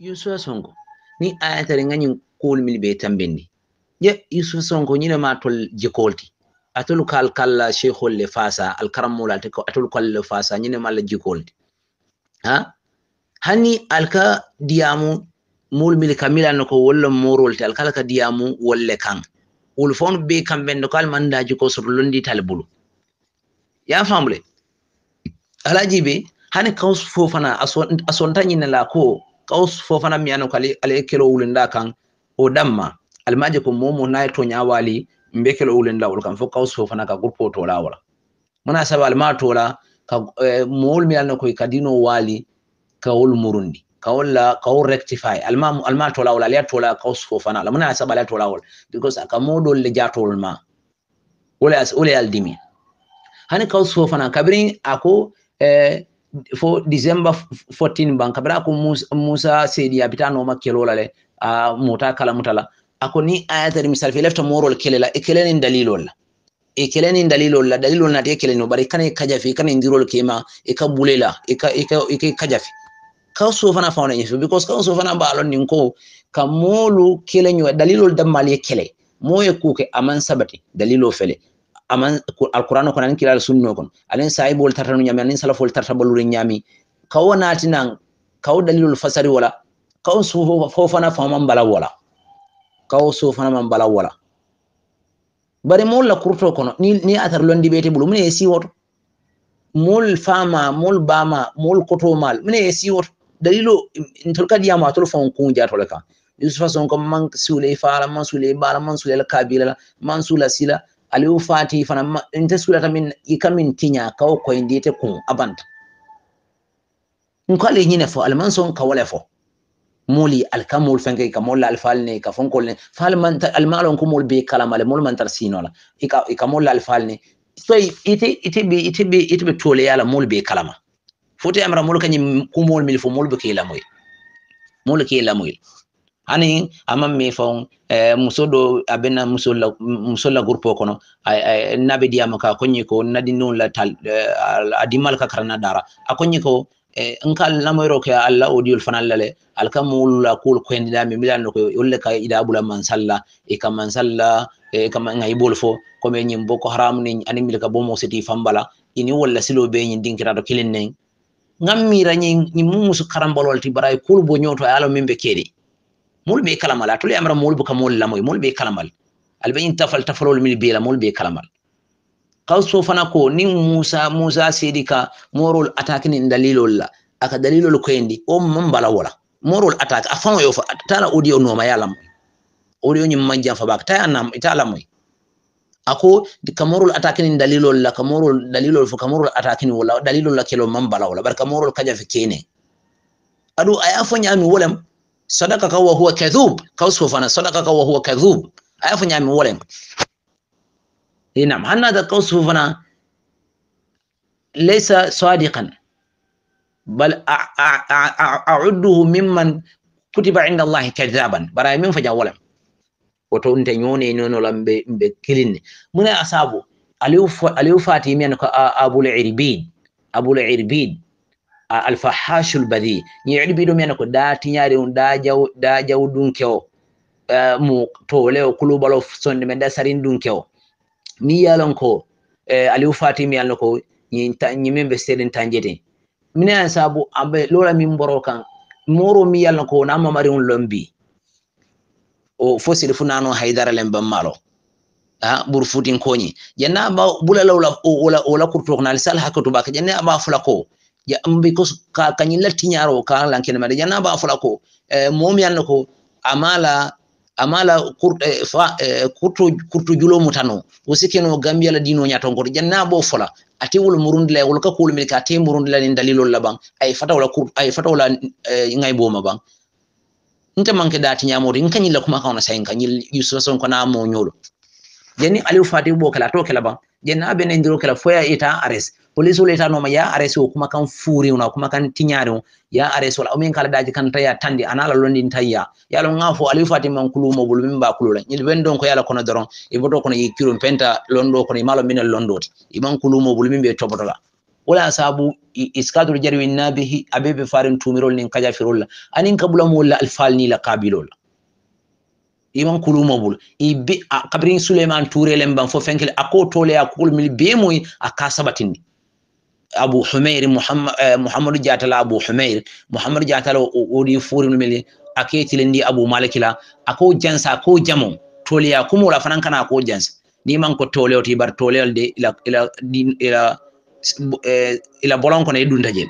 yusufa sonko ni ayatare gañin kolmil ɓe tambindi je yusufa sonko ñinema tol jikolti atolu kal kalla cheikhol le fasa al alkarammolalte ko atolu kal le fasa ñinemalla jikolti ha hani alka diyamu mul mil kamilano ko wolla morolte alka alka diyamu wolle kan wol fon be kambendo kal manda almandaji ko soto londi ya famble. Alajibi hani kaws fo fana a sontañinela ko kaus fo fana mi yano kali ala kelo wulinda kan o damma almaji ko momo nayi to nyawali mbe kelo wulinda wol kan fo kaus fo fana ka gurpo tola wala muna sabi alma tola ka e, mool mi yano koy kadino wali ka wol murundi ka wol la ka wol rectify alma alma tola wala ala tola kaus fo fana la muna sabi ala tola wol because ka modo le jato wol ma wala as wala aldimi hani kaus fo fana kabrin ako eh, fo december 14 banka kabira ko musa seydi yabita nooma makelo lale a muta kalamuta la ako ni ayatari misal fi lefta morol kelela e kelenin dalilol la e kelenin dalilol la dalilol na e keleni bari kana kaja fi kana e ndirol kema e ka bulela e ka e ka e fi ka so fana fa fawna so because ka so fana ba lon ni ko ka moolu kele ñowa dalilol dammali mali e kele moye kuke aman sabati dalilo fele aman alquran o kon anin kilala sunni o kon anin sahibol tarta no ñami anin salafol tarta ballure ñami kawo naati nan kawo dalilol fasari wala kawo sufofana fama bala wala kawo sufana man bala wala bari mol la kurto kono ni, ni atar londi ɓeete ɓulu mine ye siwoto mol fama mol bama mol koto mal mine ye siwoto dalilo tol kadiyamo a tol fan kunjatole kan de toute façon ko man suule fala man suule bala man suulela kabilala man suula sila aliu fati fana inte sulata min ika min tiña kaw koyndite kun abanta nko ala ñine fo alman son kawole fo moli alkamol fenke ka molla alfalne ka fonkolne fa almalon ko mol be kalamale mol mantar sinola ika molla alfalne soy itiɓe tole yala mol be kalama foti amra mol kañi kumol mil fo mol be ke lamoyl mol ke lamoyl hani amam mi fon eh, muso ɗo abena muso lagurpo kono nabe diyama ka koñi ko nadi non latal eh, a dimmal ka karana dara a koñi ko eh, nka lamoyro ke allah odiyol fanallale alka mowolula kuol koyendinami milano ko yolle ka idabula mansalla eka mansalla e kaayibol fo komi ñin boko haram ni ani milka bomo seti fambala ini walla silo be ñin dinkirado kilin nen ngammira ñin ñin mumusu karambalolti baraye kuol bo ñoto a alamin ɓe keeɗi mol be kalamal atole amra mol boka mol lamoy mol be kalamal alɓe in tafal tafalol min bela mol be kalamal kaw so fana ko nin musa musa seedi ka morol attaque nin dalilol la aka dalilol koyendi o man bala wola morol attaque a fanoyo fa tala audio noma ya lamoy audio ñim majjan fabaka ta anam ita lamoy ako ka morol attaque nin dalilol la ka morol dalilol fo ka morol attaque nin wala dalilol la kelo man bala wola bar ka morol kaja fe kene adu aya fo ñami wolam sadaka ka wahuwa kadub kausko fana sadaka ka wahuwa kadub ayafo ñami wolen eh, inam hannata kausko fana laysa sadikan bal auduhu mimman kutiba inda llahi kadaban baraya min faja wolem woto nte ñone nonolam mɓe kilinni mune asabu aliu fatimiyan ko abul irbid abul irbide alfahashul badi ñeeɗi ɓiɗo mena ko da tiñari on da jaw dunke o e, mo towle o kuluɓal o sonde men da sarin dunke o mi yalon ko e, aliu fati mi yalno ko ñimen ɓe seeɗen tanjete minen sabu aɓe lola min boro kan moro mi yalno ko wona mamari on lombi o fosiri fu nano haydaralen bammalo ɓur futin koñi jannaɓa ɓulalawla wola kurtoknali sal hakke tubaka jannaɓa fula ko yambi um, ko ka kañin lattiñaro ka lankene mede janna ba fula ko e eh, momiyanno ko amala amala eh, eh, kurto julomu tano wosikeno gambiyala dino ñaton koto janna bo fula ate wol murundila wol ka kuwol mine ka ate murundila nin dalilol la ban ay fatawla ay fatawla ngay booma ban nte manque da tiñamoto in kañilla kuma kawna sayin kañil yusufason ko na moñolo jani aliu fatim bo kala to kela ban jenna benedirokela foya ita ares police o leytano ma ya arrese o kuma kan fuuri ona kuma kan tiñaari o ya arrese ola o min kala daji kan taya tandi ana ala londin tayya ya lo ga fo alii fati man kuluma bolu min mba kulula ñil ɓen don ko yala kono doron iboto kono yi kirum penta londo kono imalo mine londoti iman kuluma bolu min ɓe coɓotola wala sabu iscadre jarwi nabihi abeɓe farin tumirol nin kajafirol la anin kabulamolla alfalni la kabilola iman kuluma bol ibe kabrin souleiman tourelen ban fo fenkele ako toleya kuol mil bemoy aka sabatindi abou humair mohammadou eh, diatala abou humair mohammadou diatala oɗi fourinumel a ketile ndi abou malikila ako jansa ko jamo toliya kumola fanan kana ko jansa ndiman ko toleo ti bar toleol de ila eh, bolonko ne yeddunta jel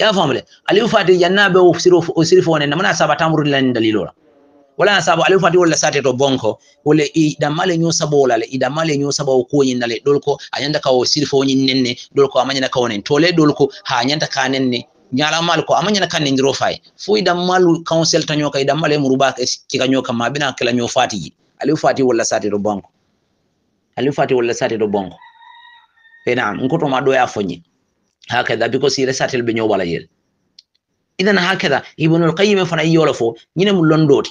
yafamle aliu fati jannaɓe o sirifone namana sabatamrudilani dalilora wala saabu alay fati wolla sate to bonko wole i ɗammale ño sabola le i ɗammale ño saba o kuwoñinna le ɗol ko a ñanta kawo sirfoñin nenne ɗol ko a mañana kawonen to le ɗol ko ha ñanta ka nenne ñalamal ko a mañana kannendiro faye fo i ɗammalu councel taño ka i ɗammale muruba kika ño kam ma ɓena kela ño fatiji alay fati wolla sate to bonko alay fati wala sate to bonko e nam nkotoma ɗo ya foñi hakada because i resatel ɓe ñowɓala yel idan hakada ibnul qayime fana i yola fo ñine mu londote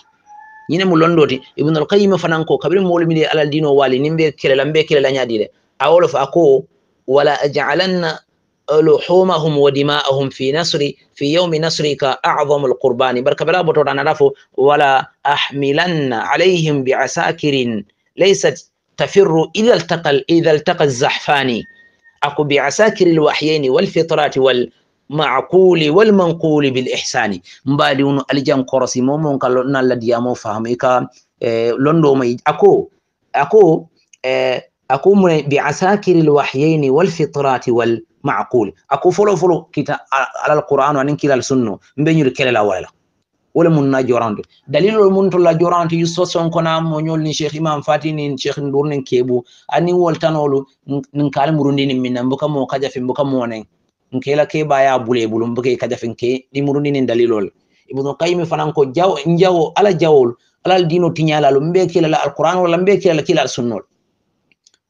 ñine mu londoti ibnu alqayima fanan ko kabiri moolu mi de alal dino wali nin be kelela mbe kelela ñaadi de awolo fa ko wala ajcalanna لحومهم ودماءهم في نصري في يوم نصرك أعظم القربان بركة بلا بطر أنا رفو ولا أحملن عليهم بعساكر ليست تفر إذا التقى إذا التقى الزحفان أكو بعساكر الوحيين والفطرات وال maakuli walmankuli bil ihsani mbaadi wono alijankorosi momon ka lonɗon allah diyamo faham ika e, lonɗomay ako ako e, ako mune bi asakiri lwahyeini walfitrati wal maakuli ako folo folo kita alal qouran anin kilal sunno mbeñur kelela walla wala mun na jorande dalilol mun tolla jorante yusso sonkona mo ñolni cheikh imam fati nin cheikh ndurnin keɓu anin woltanolu nin kaali murundinin minna mbo kam mo kajafe mbo kam mo nen nkela ke baya bule bulu mbake kadafin ke limuruni nin dalilol ibnu qayyim fanan ko jaw njaw ala jawol ala dino tinyala lu mbe la alquran wala mbe la kila sunnul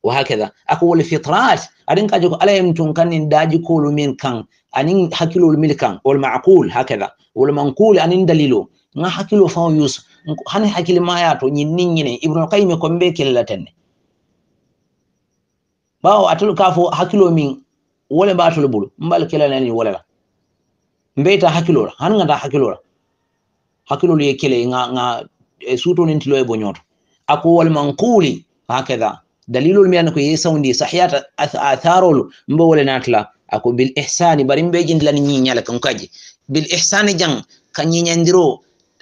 wa hakeza ako wal fitrat adin ka jiko ala yamtun kanin daji ko lu min kan anin lu mil kan wal ma'qul hakeza wal manqul anin dalilo nga hakilo fa yus hani hakili maya to nyinnin nyine ibnu qayyim ko mbe la tenne bawo atul kafo hakilo min wole mbatole bulu mbal kelanani wolela mbeyta hakkilora han ganda hakkilora hakkilol ye kele nga nga e sutonintilo e boñoto ako wol manquli hakeda dalilol mi anako ye sawndi sahiyata atharol mbo wole natla ako bil ihsani bari mbe jindilani ñi ñala kan kaji bil ihsani jang ka ñiñandiro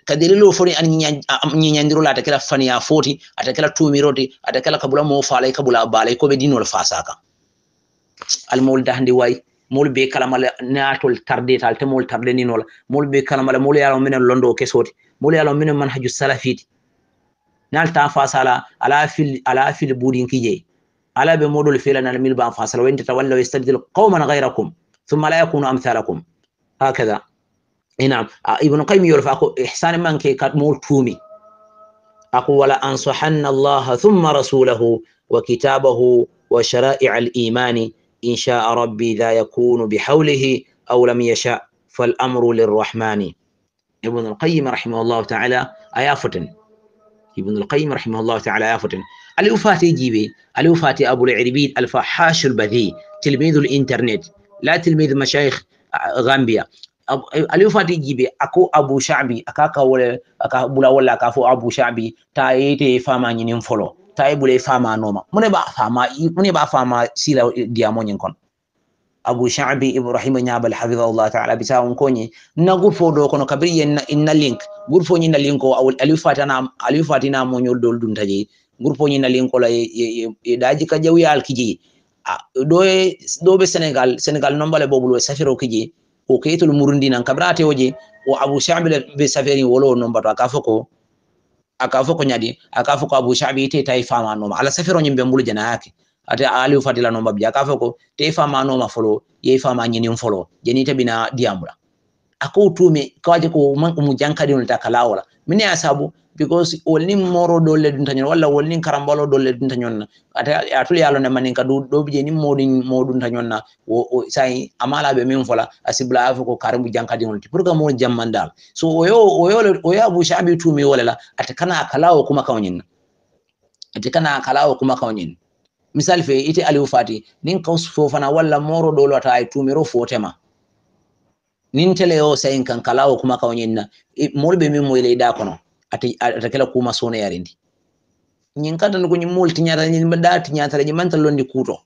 ka dalilo foni an ñiñandiro la ata kela faniya foti ata kela tumiroti ata kela kabula mo falay kabula balay koɓe dinol fasa kan almawol da hande wayi molu be kalamala natol tardetal temol tardeninola molu be kalamala molu yalaw minen londo o kesote molu yalaw minen man haju salafiti nalta fasala ala fil ala fil budinkije ala be modol felanal milba fasala wende tawalla yastadil qauman ghayrakum thumma la yakunu amthalakum hakaza inam ibn qayyim yurfa ko ihsan manke kat mol tumi ako wala ansahanna allah thumma rasulahu wa kitabahu wa shara'i al imani إن شاء ربي لا يكون بحوله أو لم يشاء فالأمر للرحمن ابن القيم رحمه الله تعالى أيافتن ابن القيم رحمه الله تعالى أيافتن الوفاتي جيبي الوفاتي أبو العربيد الفحاش البذي تلميذ الإنترنت لا تلميذ مشايخ غامبيا الوفاتي جيبي أكو أبو شعبي أكاكا ولا wala aka bula wala ka fo abu sha'bi ta yete to a yiɓulay fama noma moneɓa fama moneɓa fama sila diyamoñin kon abu chaabi ibrahima ñabal hafidahullah taala bisawon koñi na gurfo ɗo kono kabiri yenna link gurfo ñina link o alifatinaalifi fatina moñol dol ɗum taji gurfo ñina link ola e ɗaji ka ƴewyal kiji ɗoe ɗoɓe sénégal sénégal nombale boɓol e safiro kiji o keytol murundinan kabirateoji o abou chaabi ɓe safiri wolowo nombato aka foko akafu ko nyadi akafo ko abu shabi ite taifa fama ala safiro nyimbe mbulu jana yake ate ali ufadila nomba bia akafu ko taifa fama no folo ye fama nyini mfolo jeni tabina diamula ako utume kawaje ko mu jankadi no takalawola mine asabu because wolni moro do le dunta nyon walla wolnin karambalo do le dunta nyon ata atul yalo ne manin ka do do bije ni modin modun tanyon na o sai amala be min fola asibla afu ko karimbu jankadi on ti purga mo jammandal so oyo oyo oyo abu shabi tu mi wala ata kana kalawo kuma kawnyin ata kana kalawo kuma kawnyin misal fe ite aliu fati nin kaus fofana wala moro do lota ay tumiro fotema nin tele o sayin kan kalawo kuma kawnyin na e, molbe min mo ile da kono atakela kuma sona yarendi nyin kanta ni kunyi multi nyata ni da ti nyata ni manta londi kuto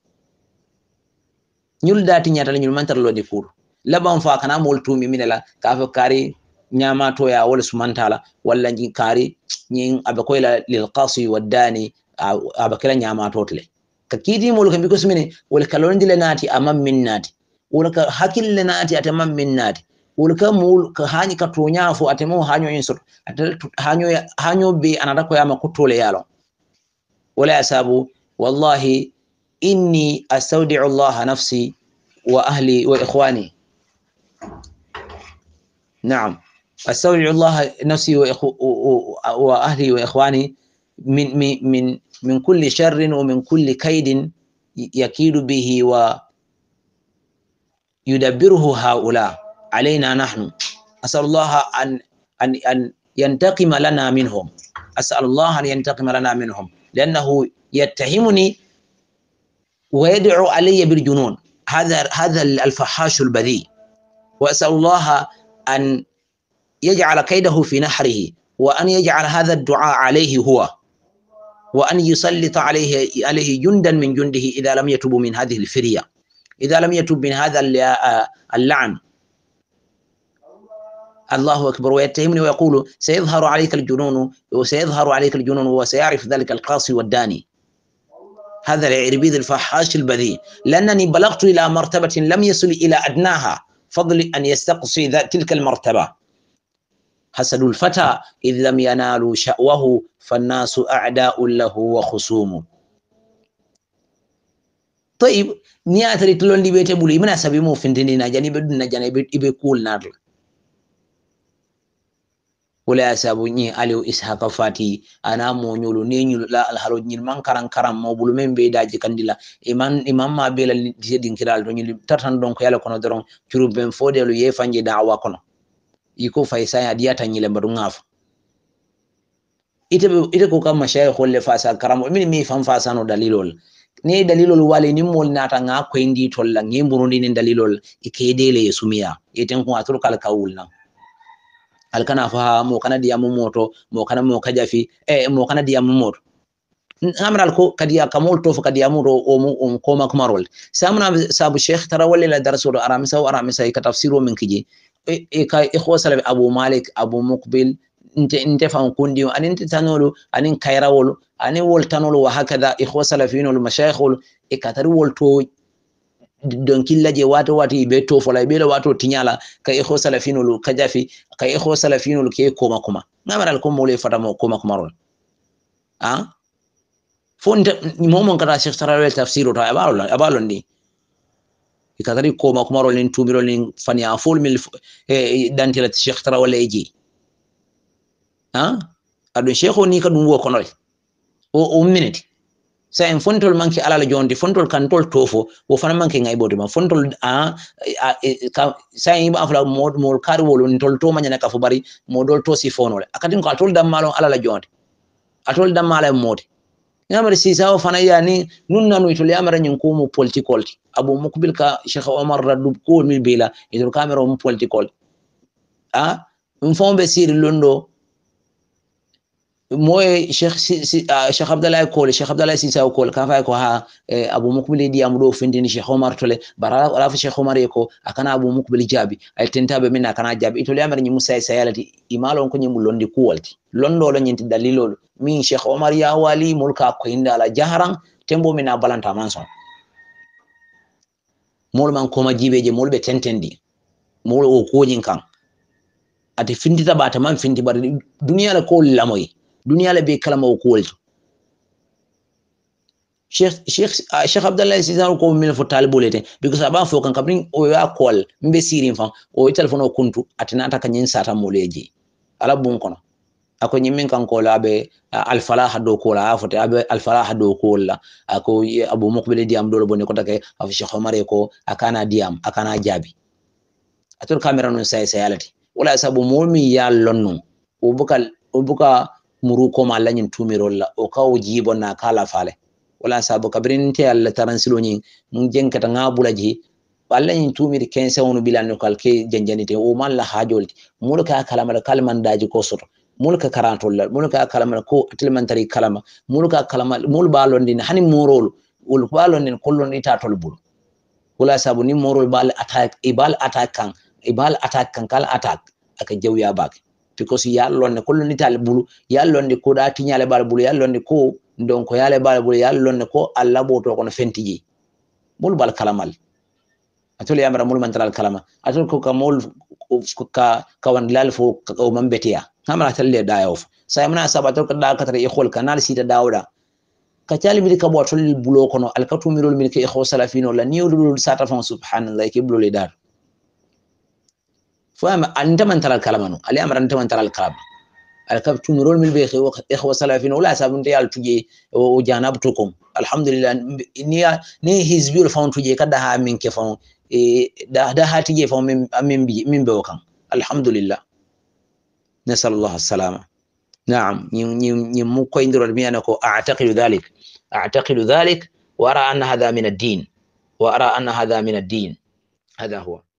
nyul da ti nyata ni manta londi kuto laban fa kana multu mi minela ka fa kari nyama to ya wala sumantala wala nyin kari nyin abakoila lil qasi wadani abakela nyama to tle ka kidi mul kambi kusmini wala kalondi lenati amam minnati wala ka hakil lenati atamam minnati ulika mul kahani katunya afu tonya atemo hanyo insur atel hanyo hanyo bi anada ko yama kutole yalo wala asabu wallahi inni astaudi'u allaha nafsi wa ahli wa ikhwani na'am allaha nafsi wa ahli wa ikhwani min min min من كل شر ومن كل كيد يكيد به ويدبره هؤلاء علينا نحن أسأل الله أن أن أن ينتقم لنا منهم أسأل الله أن ينتقم لنا منهم لأنه يتهمني ويدعو علي بالجنون هذا هذا الفحاش البذيء وأسأل الله أن يجعل كيده في نحره وأن يجعل هذا الدعاء عليه هو وأن يسلط عليه عليه جندا من جنده إذا لم يتب من هذه الفرية إذا لم يتب من هذا آه، اللعن الله أكبر ويتهمني ويقول سيظهر عليك الجنون وسيظهر عليك الجنون وسيعرف ذلك القاصي والداني هذا العربيد الفحاش البذيء لأنني بلغت إلى مرتبة لم يصل إلى أدناها فضل أن يستقصي تلك المرتبة حسد الفتى إذ لم ينالوا شأوه فالناس أعداء له وخصوم طيب نياتري تلون دي بيتبولي منا سبي مو فندني ناجاني يعني بدنا ناجاني بيكول نادل wolaya sabu ñi aliou ishaqa fati ana moñolu neñulla alhalo ñin man karan karan mawɓulu men ɓeydaji kandila iman iman ma bela diseɗinkiral to ñil tartan donc yala kono doron curu ɓen foɗelu yefanje dawa kono yiko fay sa aɗa yiyata ñile mbaɗu gaafa ite ite ko kam mashayikholle fasa karamo min mi fan fasano dalilol ne dalilol wale ni mol nata ga koyndi tolla ge mburundi ne dalilol ikeedele ye sumiya yeten kuatrukal kawulnan hal kana fa mo kana diya mo moto mo kana mo kaja fi e mo kana diya mo moto amral ko kadi ya kamol to fa diya mo do o mo o ko ma kuma rol samna sabu sheikh tarawalli la darsu do aram sa aram sa ka tafsiru min kiji e, e ka e ho salabi abu malik abu muqbil nte nte fa kundi o anin te tanolo anin kayrawol anin wol tanolo wa hakada e ho salafinol mashaykhul e katari wol to donkilla je wato wato ɓe tofola ɓe ɗo wato tiñala ka eho salafinol ka jafi ka eho salafinol ke koma kuma gamaral ko mole fatamo koma kumarol a fo momon kata chekh sarawel tafsir ta aba e lon e ɗi e kadari koma kumarol nin tumirol nin fani a fol mil dantila chekh tarawala e jeyi a aɗum chekh o ni ka ɗum wo konoy o minete sa en fontol manke alala jondi fontol kantol tofo wo fana manke ngayɓode ma fontol e, sa en yiɓaafla mol kari wolo tol to mañana ka fo bari mo ɗol to si fonole akadin ko a tol dammalo alala jonde a tol dammala e mode yamara sisa o fana yiya ni nun nanuy tol yamara ñin komo politicolte abo mokkubil ka cheikh omar radoub ko wolmin bila etol kamera omo politicolte a ɗum fomɓe siri lon ɗo moye cheikh ah, abdalahi kole cheikh abdalahi sisao kole kan faye ko ha eh, aboumoukbili ɗiyamu ɗo findini cheikh omar tole bara alafo cheikh omar ye ko akana aboumoukbili jaabi ay tentaɓe min akana jaabi itole amere ñimu say sayalati imalon ko ñimu londi kuwalti londolo ñinti dalilolu min cheikh omar yawali molka koyindala jaharan tembo min a balanta manson molu man koma jiɓeje molu ɓe tentendi molu o koñin kan ati findita ɓa tama findi bara duniyala kowol lamoye duniyala be kalamao ko woli to chekh abdallahi sisaro ko min fo taliɓole ten because aɓan fo kan kamɗin o wa kool mbe sirin fan o téléphone o kuntu atenata ka ñin satan molu ye jeyi ala bun kono ako ñimmin kan koola aɓe alfala ha dow koola a fote aɓe alfala ha dow koolla ako abou mokbele diyam ɗolo bonni ko take af chekh omare ko akana diyam akana jaabi atoto caméra num say sayalati wala sabu momin ya lonnu o buka o buka muru ko ma allah ñin tumirolla o ka o jibonna kala fale wala sabu kabirinte allah taransilo ñin jenkata ŋa bula ji allah ñin tumiri kense wonu bilanno kal ke janjanite o ma allah hajolti mulka kalamala kalmandaji ko soto mulka karatolla mulka kalamala ko atelmantari kalama mulka kalama mul balondin hani morolu wol balondin kollon itatol bulu wala sabu ni morol bal attaque ibal attaque kan ibal attaque kan kal attaque aka jawya bake pikosi yallonde kollondi tale bulu yallonde koɗa tiñale bala bulu yallonde ko donc yale bala bulu yallonde ko allah ɓoto kono fenti ji mulu bal kalamal atol yamira mulu mantaral kalama atol koka mol ka kawan lal fo kao mambeteya hamara talle dayof saymana saba atol ka ɗa katara ihol ka nal sita dawɗa ka cali mbiɗi kaɓo atol bulo kono alkatumirol min ka iho salafinola niwlulol satafon subhanallah ke ɓulole daro فهم أنت من ترى الكلام أنو الأمر أنت من ترى الكلام الكلام تمرون من البيخ إخوة سلفين ولا سابن ريال تجي وجانبتكم الحمد لله نيا ني هيز بيول فون تجي كده ها من كفون ده إيه، ده تجي فون من بي من بوكم الحمد لله نسأل الله السلامة نعم يم كويندر انا أعتقد ذلك أعتقد ذلك وأرى أن هذا من الدين وأرى أن هذا من الدين هذا هو